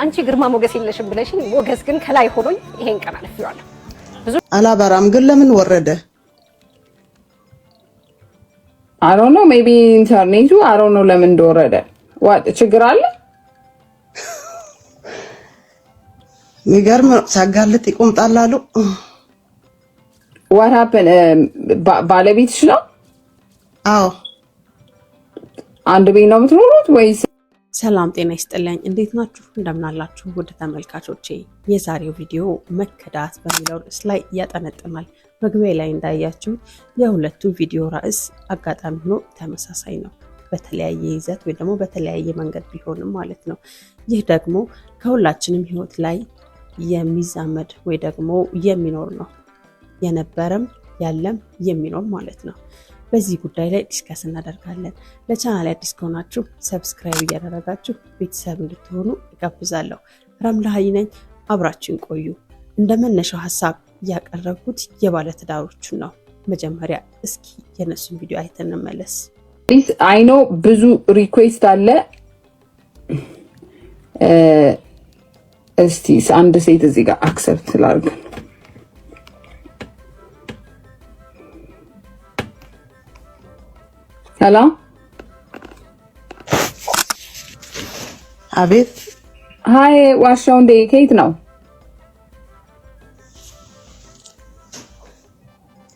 አንቺ ግርማ ሞገስ የለሽም ብለሽኝ፣ ሞገስ ግን ከላይ ሆኖኝ ይሄን ቀን አልፌዋለሁ። ብዙ አላባራም ግን ለምን ወረደ? አሮ ነው ሜቢ ኢንተርኔቱ አሮ ነው ለምን እንደወረደ። ዋት ችግር አለ? የሚገርም ሲያጋልጥ ይቆምጣላሉ። ዋት ሀፕን ባለቤትሽ ነው? አዎ። አንድ ቤት ነው የምትኖሩት ወይስ ሰላም ጤና ይስጥልኝ። እንዴት ናችሁ? እንደምናላችሁ ውድ ተመልካቾቼ፣ የዛሬው ቪዲዮ መከዳት በሚለው ርዕስ ላይ ያጠነጥናል። መግቢያ ላይ እንዳያችሁ የሁለቱ ቪዲዮ ርዕስ አጋጣሚ ሆኖ ተመሳሳይ ነው፣ በተለያየ ይዘት ወይ ደግሞ በተለያየ መንገድ ቢሆንም ማለት ነው። ይህ ደግሞ ከሁላችንም ህይወት ላይ የሚዛመድ ወይ ደግሞ የሚኖር ነው፣ የነበረም ያለም የሚኖር ማለት ነው። በዚህ ጉዳይ ላይ ዲስከስ እናደርጋለን። ለቻናል አዲስ ከሆናችሁ ሰብስክራይብ እያደረጋችሁ ቤተሰብ እንድትሆኑ እጋብዛለሁ። ረምላሀይ ነኝ። አብራችን ቆዩ። እንደ መነሻው ሀሳብ እያቀረብኩት የባለትዳሮቹን ነው። መጀመሪያ እስኪ የነሱን ቪዲዮ አይተን እንመለስ። አይኖ ብዙ ሪኩዌስት አለ። እስቲ አንድ ሴት እዚህ ጋር አክሰፕት ላርግ ሰላም አቤት። ሀይ ዋሻው እንደ ከየት ነው?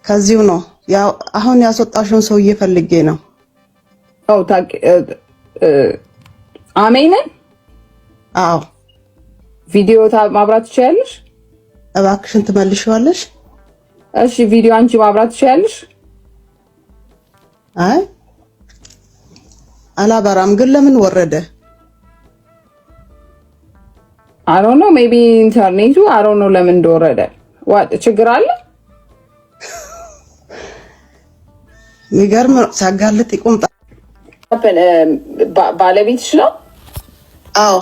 ከዚሁ ነው። ያው አሁን ያስወጣሽውን ሰው ፈልጌ ነው። አው ታቂ አሜንን። አዎ ቪዲዮ ማብራት ትችያለሽ? እባክሽን ትመልሺዋለሽ? እሺ ቪዲዮ አንቺ ማብራት ትችያለሽ? አይ አላባራም ግን ለምን ወረደ? አሮ ነው ሜቢ ኢንተርኔቱ አሮ ነው ለምን እንደወረደ። ዋት ችግር አለ? ይገርም ነው። ሲያጋልጥ ይቆምጣ uh, ባለቤትሽ ነው? አዎ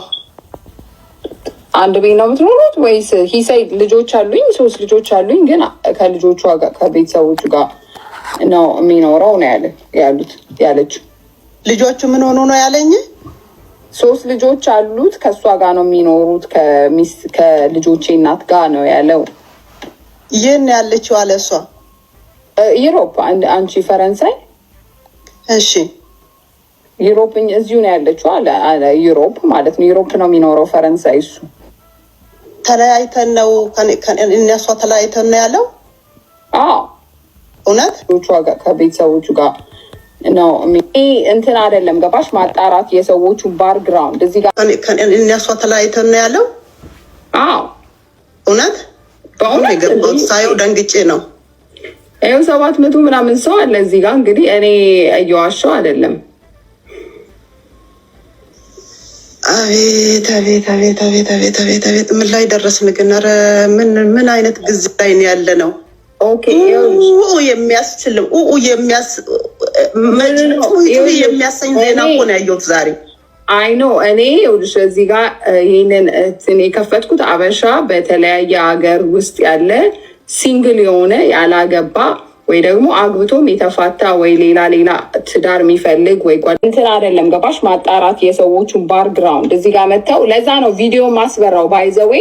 አንድ ቤት ነው የምትኖሩት ወይስ? ሂሳይ ልጆች አሉኝ፣ ሶስት ልጆች አሉኝ፣ ግን ከልጆቹ ጋር ከቤተሰቦቹ ጋር ነው የሚኖረው ነው ያሉት ያለችው ልጆቹ ምን ሆኖ ነው ያለኝ? ሶስት ልጆች አሉት። ከእሷ ጋር ነው የሚኖሩት። ከልጆቼ እናት ጋር ነው ያለው። ይህን ያለችው አለ እሷ ዩሮፕ፣ አንቺ ፈረንሳይ። እሺ ዩሮፕ እዚሁ ነው ያለችው አለ ዩሮፕ ማለት ነው። ዩሮፕ ነው የሚኖረው ፈረንሳይ። እሱ ተለያይተን ነው እነሷ ተለያይተን ነው ያለው። እውነት ከቤተሰቦቹ ጋር ነው እንትን አይደለም። ገባሽ? ማጣራት የሰዎቹ ባክግራውንድ እዚህ ጋር እነሷ ተለያይተን ነው ያለው። አዎ እውነት በአሁኑ የገባት ሳየው ደንግጬ ነው። ይኸው ሰባት መቶ ምናምን ሰው አለ እዚህ ጋር። እንግዲህ እኔ እየዋሸው አይደለም። አቤት አቤት አቤት አቤት አቤት አቤት አቤት! ምን ላይ ደረስን ግን? ኧረ ምን ምን አይነት ጊዜ ላይ ያለ ነው የሚያስችልም የሚያስ የሚያሰኝ ዜና እኮ ነው ያየሁት ዛሬ። አይ ኖ እኔ ውልሽ እዚህ ጋር ይህንን እንትን የከፈትኩት አበሻ በተለያየ ሀገር ውስጥ ያለ ሲንግል የሆነ ያላገባ ወይ ደግሞ አግብቶም የተፋታ ወይ ሌላ ሌላ ትዳር የሚፈልግ ወይ ጓ እንትን አይደለም ገባሽ? ማጣራት የሰዎቹን ባርግራውንድ እዚህ ጋር መጥተው ለዛ ነው ቪዲዮ ማስበራው ባይዘዌ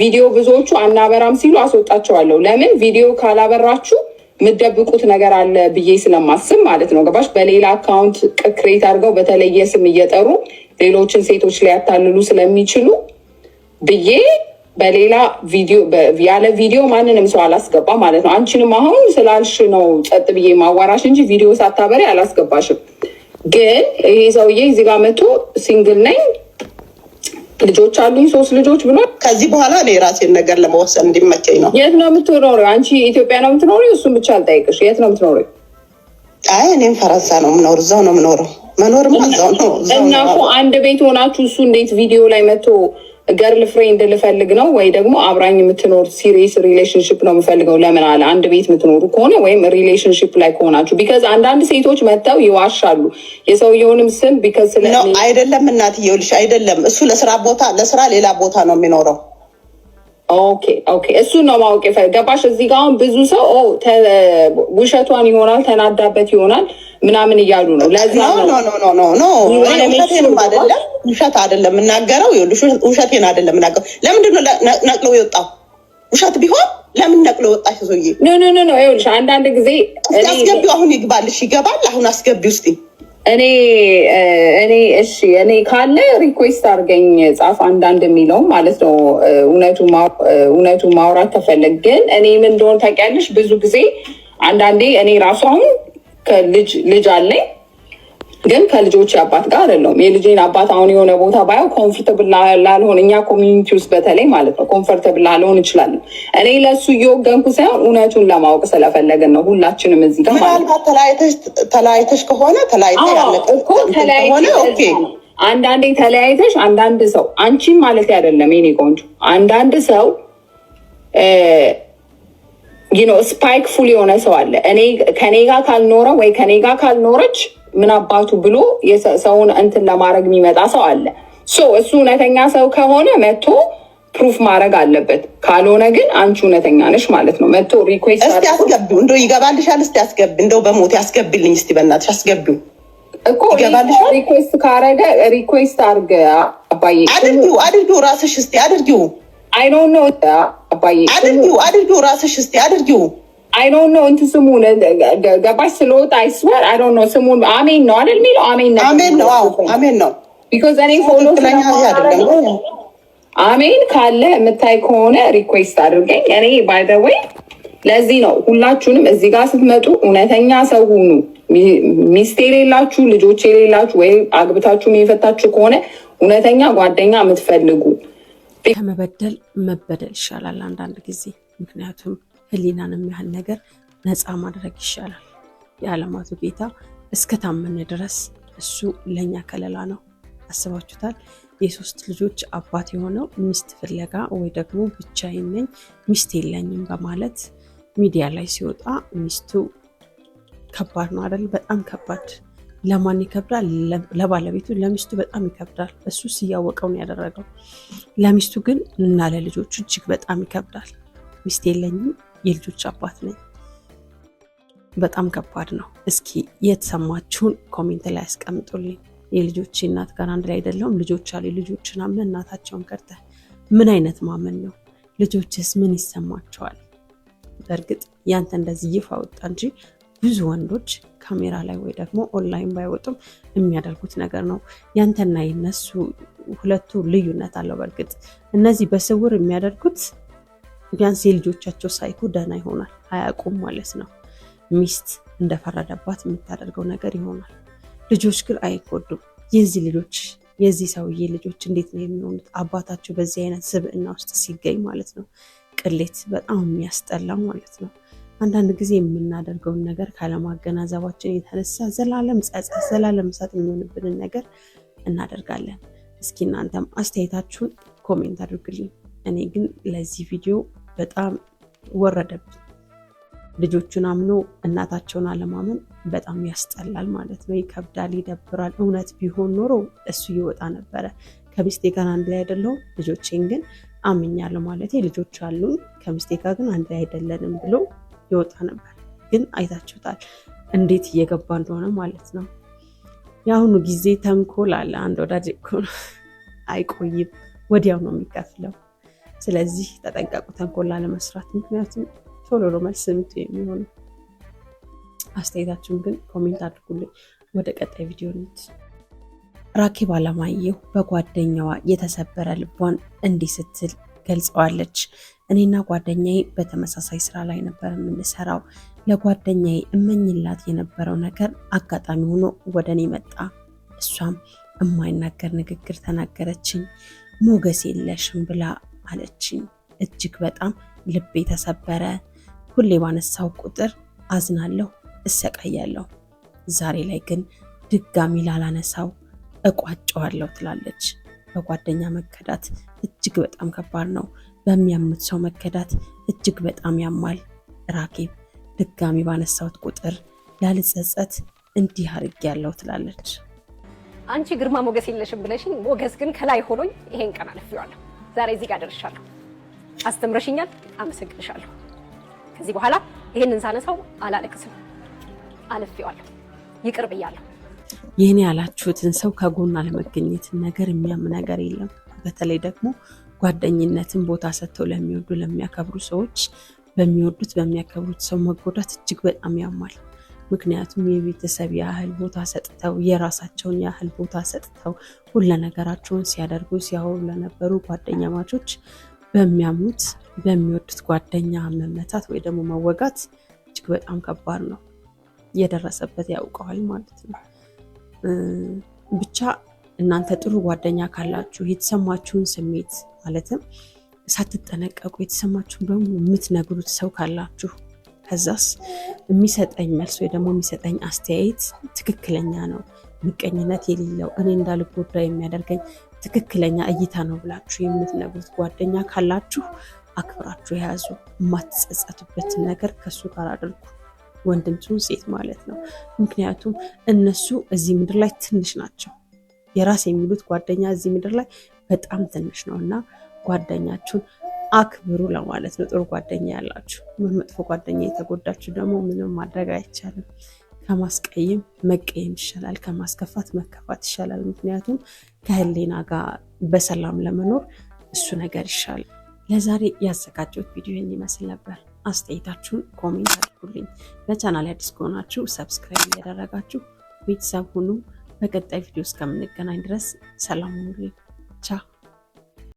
ቪዲዮ ብዙዎቹ አናበራም ሲሉ አስወጣቸዋለሁ። ለምን ቪዲዮ ካላበራችሁ የምደብቁት ነገር አለ ብዬ ስለማስብ ማለት ነው። ገባሽ? በሌላ አካውንት ቅክሬት አድርገው በተለየ ስም እየጠሩ ሌሎችን ሴቶች ሊያታልሉ ስለሚችሉ ብዬ በሌላ ቪዲዮ ያለ ቪዲዮ ማንንም ሰው አላስገባ ማለት ነው። አንቺንም አሁን ስላልሽ ነው ጸጥ ብዬ ማዋራሽ እንጂ ቪዲዮ ሳታበሪ አላስገባሽም። ግን ይሄ ሰውዬ እዚህ ጋር መቶ ሲንግል ነኝ ልጆች አሉኝ፣ ሶስት ልጆች ብሎ ከዚህ በኋላ እኔ የራሴን ነገር ለመወሰን እንዲመቸኝ ነው። የት ነው የምትኖሪው? አንቺ ኢትዮጵያ ነው የምትኖሪው? እሱን ብቻ አልጠይቅሽ። የት ነው የምትኖሪው? አይ እኔም ፈረንሳ ነው የምኖር፣ እዛው ነው የምኖረው። መኖርም እዛው ነው። እና እኮ አንድ ቤት ሆናችሁ እሱ እንዴት ቪዲዮ ላይ መጥቶ ገርል ፍሬንድ ልፈልግ ነው ወይ ደግሞ አብራኝ የምትኖር ሲሪየስ ሪሌሽንሽፕ ነው የምፈልገው። ለምን አለ አንድ ቤት የምትኖሩ ከሆነ ወይም ሪሌሽንሽፕ ላይ ከሆናችሁ፣ ቢካዝ አንዳንድ ሴቶች መጥተው ይዋሻሉ የሰውየውንም ስም ቢካዝ ስለ አይደለም እናትየው ልሽ አይደለም እሱ ለስራ ቦታ ለስራ ሌላ ቦታ ነው የሚኖረው ኦኬ ኦኬ፣ እሱ ነው ማወቅ ገባሽ። እዚህ ጋ አሁን ብዙ ሰው ውሸቷን ይሆናል ተናዳበት ይሆናል ምናምን እያሉ ነው። ለዚህ ውሸት አይደለም የምናገረው፣ ውሸቴን አይደለም የምናገረው። ለምንድን ነው ነቅሎ የወጣው? ውሸት ቢሆን ለምን ነቅሎ ወጣሽ? ሰውዬ ኖ ኖ ኖ፣ ይኸውልሽ አንዳንድ ጊዜ አስገቢው አሁን ይግባልሽ፣ ይገባል። አሁን አስገቢው ውስጥ እኔ እኔ እሺ እኔ ካለ ሪኩዌስት አድርገኝ ጻፍ አንዳንድ የሚለው ማለት ነው። እውነቱ ማውራት ተፈለግ ግን እኔ ምን እንደሆነ ታውቂያለሽ። ብዙ ጊዜ አንዳንዴ እኔ ራሱ አሁን ልጅ ልጅ አለኝ ግን ከልጆች አባት ጋር አይደለሁም። የልጄን አባት አሁን የሆነ ቦታ ባየው ኮንፈርተብል ላልሆን እኛ ኮሚኒቲ ውስጥ በተለይ ማለት ነው ኮንፈርተብል ላልሆን ይችላለን። እኔ ለሱ እየወገንኩ ሳይሆን እውነቱን ለማወቅ ስለፈለግን ነው ሁላችንም እዚህ ጋር ተለያይተሽ ከሆነ ተለያይተሽ አንዳንዴ ተለያይተሽ አንዳንድ ሰው አንቺን ማለት አይደለም የኔ ቆንጆ አንዳንድ ሰው ስፓይክ ፉል የሆነ ሰው አለ እኔ ከኔ ጋር ካልኖረ ወይ ከኔ ጋር ካልኖረች ምን አባቱ ብሎ ሰውን እንትን ለማድረግ የሚመጣ ሰው አለ። እሱ እውነተኛ ሰው ከሆነ መጥቶ ፕሩፍ ማድረግ አለበት። ካልሆነ ግን አንቺ እውነተኛ ነሽ ማለት ነው። መጥቶ ሪኩዌስት እስቲ አስገቢው፣ እንደው ይገባልሻል። እስቲ አስገቢ፣ እንደው በሞት ያስገቢልኝ እስቲ በእናትሽ አስገቢው እኮ ሪኩዌስት ካረገ ሪኩዌስት አርገ አባዬ፣ አድርጊው፣ አድርጊው ራስሽ እስቲ አድርጊው። አይ ዶንት ኖ አባዬ፣ አድርጊው፣ አድርጊው ራስሽ እስቲ አድርጊው አይ ዶንት ኖ እንትን ስሙን ገባሽ ስለወጣ አይስወር አይ ዶንት ኖ ስሙን አሜን ነው አይደል የሚለው አሜን ነው አሜን ነው አሜን ነው ቢኮዝ እኔ ፎሎ አሜን ካለ የምታይ ከሆነ ሪኩዌስት አድርገኝ እኔ ባይ ዘ ዌይ ለዚህ ነው ሁላችሁንም እዚህ ጋር ስትመጡ እውነተኛ ሰው ሁኑ ሚስት የሌላችሁ ልጆች የሌላችሁ ወይ አግብታችሁም የፈታችሁ ከሆነ እውነተኛ ጓደኛ የምትፈልጉ ከመበደል መበደል ይሻላል አንዳንድ ጊዜ ምክንያቱም ህሊናንም ያህል ነገር ነፃ ማድረግ ይሻላል። የዓለማቱ ጌታ እስከ ታመን ድረስ እሱ ለእኛ ከለላ ነው። አስባችሁታል? የሶስት ልጆች አባት የሆነው ሚስት ፍለጋ ወይ ደግሞ ብቻዬን ነኝ ሚስት የለኝም በማለት ሚዲያ ላይ ሲወጣ ሚስቱ ከባድ ነው አይደል? በጣም ከባድ። ለማን ይከብዳል? ለባለቤቱ ለሚስቱ በጣም ይከብዳል። እሱስ እያወቀው ነው ያደረገው። ለሚስቱ ግን እና ለልጆቹ እጅግ በጣም ይከብዳል። ሚስት የለኝም የልጆች አባት ነኝ። በጣም ከባድ ነው። እስኪ የተሰማችሁን ኮሜንት ላይ አስቀምጡልኝ። የልጆች እናት ጋር አንድ ላይ አይደለሁም። ልጆች አሉ። ልጆችን አምነን እናታቸውን ከድተን ምን አይነት ማመን ነው? ልጆችስ ምን ይሰማቸዋል? በእርግጥ ያንተ እንደዚህ ይፋ ወጣ እንጂ ብዙ ወንዶች ካሜራ ላይ ወይ ደግሞ ኦንላይን ባይወጡም የሚያደርጉት ነገር ነው። ያንተና የነሱ ሁለቱ ልዩነት አለው። በእርግጥ እነዚህ በስውር የሚያደርጉት ቢያንስ የልጆቻቸው ሳይኮ ደህና ይሆናል፣ አያውቁም ማለት ነው። ሚስት እንደፈረደባት የምታደርገው ነገር ይሆናል። ልጆች ግን አይጎዱም። የዚህ ልጆች የዚህ ሰውዬ ልጆች እንዴት ነው የሚሆኑት? አባታቸው በዚህ አይነት ስብዕና ውስጥ ሲገኝ ማለት ነው። ቅሌት በጣም የሚያስጠላው ማለት ነው። አንዳንድ ጊዜ የምናደርገውን ነገር ካለማገናዘባችን የተነሳ ዘላለም ጸጸት፣ ዘላለም እሳት የሚሆንብንን ነገር እናደርጋለን። እስኪ እናንተም አስተያየታችሁን ኮሜንት አድርግልኝ። እኔ ግን ለዚህ ቪዲዮ በጣም ወረደብኝ። ልጆቹን አምኖ እናታቸውን አለማመን በጣም ያስጠላል ማለት ነው። ይከብዳል፣ ይደብራል። እውነት ቢሆን ኖሮ እሱ ይወጣ ነበረ። ከሚስቴ ጋር አንድ ላይ አይደለሁም፣ ልጆቼን ግን አምኛለሁ ማለት ልጆች አሉኝ፣ ከሚስቴ ጋር ግን አንድ ላይ አይደለንም ብሎ ይወጣ ነበር። ግን አይታችሁታል እንዴት እየገባ እንደሆነ ማለት ነው። የአሁኑ ጊዜ ተንኮል አለ። አንድ ወዳጅ አይቆይም፣ ወዲያው ነው የሚከፍለው። ስለዚህ ተጠንቀቁ፣ ተንኮላ ለመስራት ምክንያቱም ቶሎ ነው መልስ ምት የሚሆኑ አስተያየታችሁን ግን ኮሜንት አድርጉልኝ። ወደ ቀጣይ ቪዲዮ ነት ራኬብ አለማየሁ በጓደኛዋ የተሰበረ ልቧን እንዲህ ስትል ገልጸዋለች። እኔና ጓደኛዬ በተመሳሳይ ስራ ላይ ነበር የምንሰራው። ለጓደኛዬ እመኝላት የነበረው ነገር አጋጣሚ ሆኖ ወደ እኔ መጣ። እሷም የማይናገር ንግግር ተናገረችኝ። ሞገስ የለሽም ብላ አለችኝ። እጅግ በጣም ልቤ ተሰበረ። ሁሌ ባነሳው ቁጥር አዝናለሁ፣ እሰቃያለሁ። ዛሬ ላይ ግን ድጋሚ ላላነሳው እቋጨዋለሁ ትላለች። በጓደኛ መከዳት እጅግ በጣም ከባድ ነው። በሚያምኑት ሰው መከዳት እጅግ በጣም ያማል። ራኬብ ድጋሚ ባነሳውት ቁጥር ላልጸጸት እንዲህ አድርጌያለሁ ትላለች። አንቺ ግርማ ሞገስ የለሽም ብለሽኝ ሞገስ ግን ከላይ ሆኖኝ ይሄን ቀን አልፌዋለሁ። ዛሬ እዚህ ጋር ደርሻለሁ። አስተምረሽኛል፣ አመሰግንሻለሁ። ከዚህ በኋላ ይህንን ሳነሳው አላለቅስም። አልፌዋለሁ፣ ይቅር ብያለሁ። ይህን ያላችሁትን ሰው ከጎን አለመገኘት ነገር የሚያም ነገር የለም። በተለይ ደግሞ ጓደኝነትን ቦታ ሰጥተው ለሚወዱ ለሚያከብሩ ሰዎች በሚወዱት በሚያከብሩት ሰው መጎዳት እጅግ በጣም ያማል። ምክንያቱም የቤተሰብ ያህል ቦታ ሰጥተው የራሳቸውን ያህል ቦታ ሰጥተው ሁለ ነገራቸውን ሲያደርጉ ሲያወሩ ለነበሩ ጓደኛ ማቾች በሚያምኑት በሚወዱት ጓደኛ መመታት ወይ ደግሞ መወጋት እጅግ በጣም ከባድ ነው። የደረሰበት ያውቀዋል ማለት ነው። ብቻ እናንተ ጥሩ ጓደኛ ካላችሁ የተሰማችሁን ስሜት ማለትም ሳትጠነቀቁ የተሰማችሁን በሙሉ የምትነግሩት ሰው ካላችሁ ከዛስ የሚሰጠኝ መልስ ወይ ደግሞ የሚሰጠኝ አስተያየት ትክክለኛ ነው፣ ምቀኝነት የሌለው እኔ እንዳልጎዳ የሚያደርገኝ ትክክለኛ እይታ ነው ብላችሁ የምትነግሩት ጓደኛ ካላችሁ አክብራችሁ የያዙ የማትጸጸቱበትን ነገር ከሱ ጋር አድርጉ። ወንድም ትሁን ሴት ማለት ነው። ምክንያቱም እነሱ እዚህ ምድር ላይ ትንሽ ናቸው። የራስ የሚሉት ጓደኛ እዚህ ምድር ላይ በጣም ትንሽ ነው እና ጓደኛችሁን አክብሩ ለማለት ነው። ጥሩ ጓደኛ ያላችሁ ምን መጥፎ ጓደኛ የተጎዳችሁ ደግሞ ምንም ማድረግ አይቻልም። ከማስቀየም መቀየም ይሻላል፣ ከማስከፋት መከፋት ይሻላል። ምክንያቱም ከህሊና ጋር በሰላም ለመኖር እሱ ነገር ይሻላል። ለዛሬ ያዘጋጀሁት ቪዲዮ ይመስል ነበር። አስተያየታችሁን ኮሜንት አድርጉልኝ። ለቻናል አዲስ ከሆናችሁ ሰብስክራይብ እያደረጋችሁ ቤተሰብ ሁኑ። በቀጣይ ቪዲዮ እስከምንገናኝ ድረስ ሰላም ሁኑልኝ። ቻ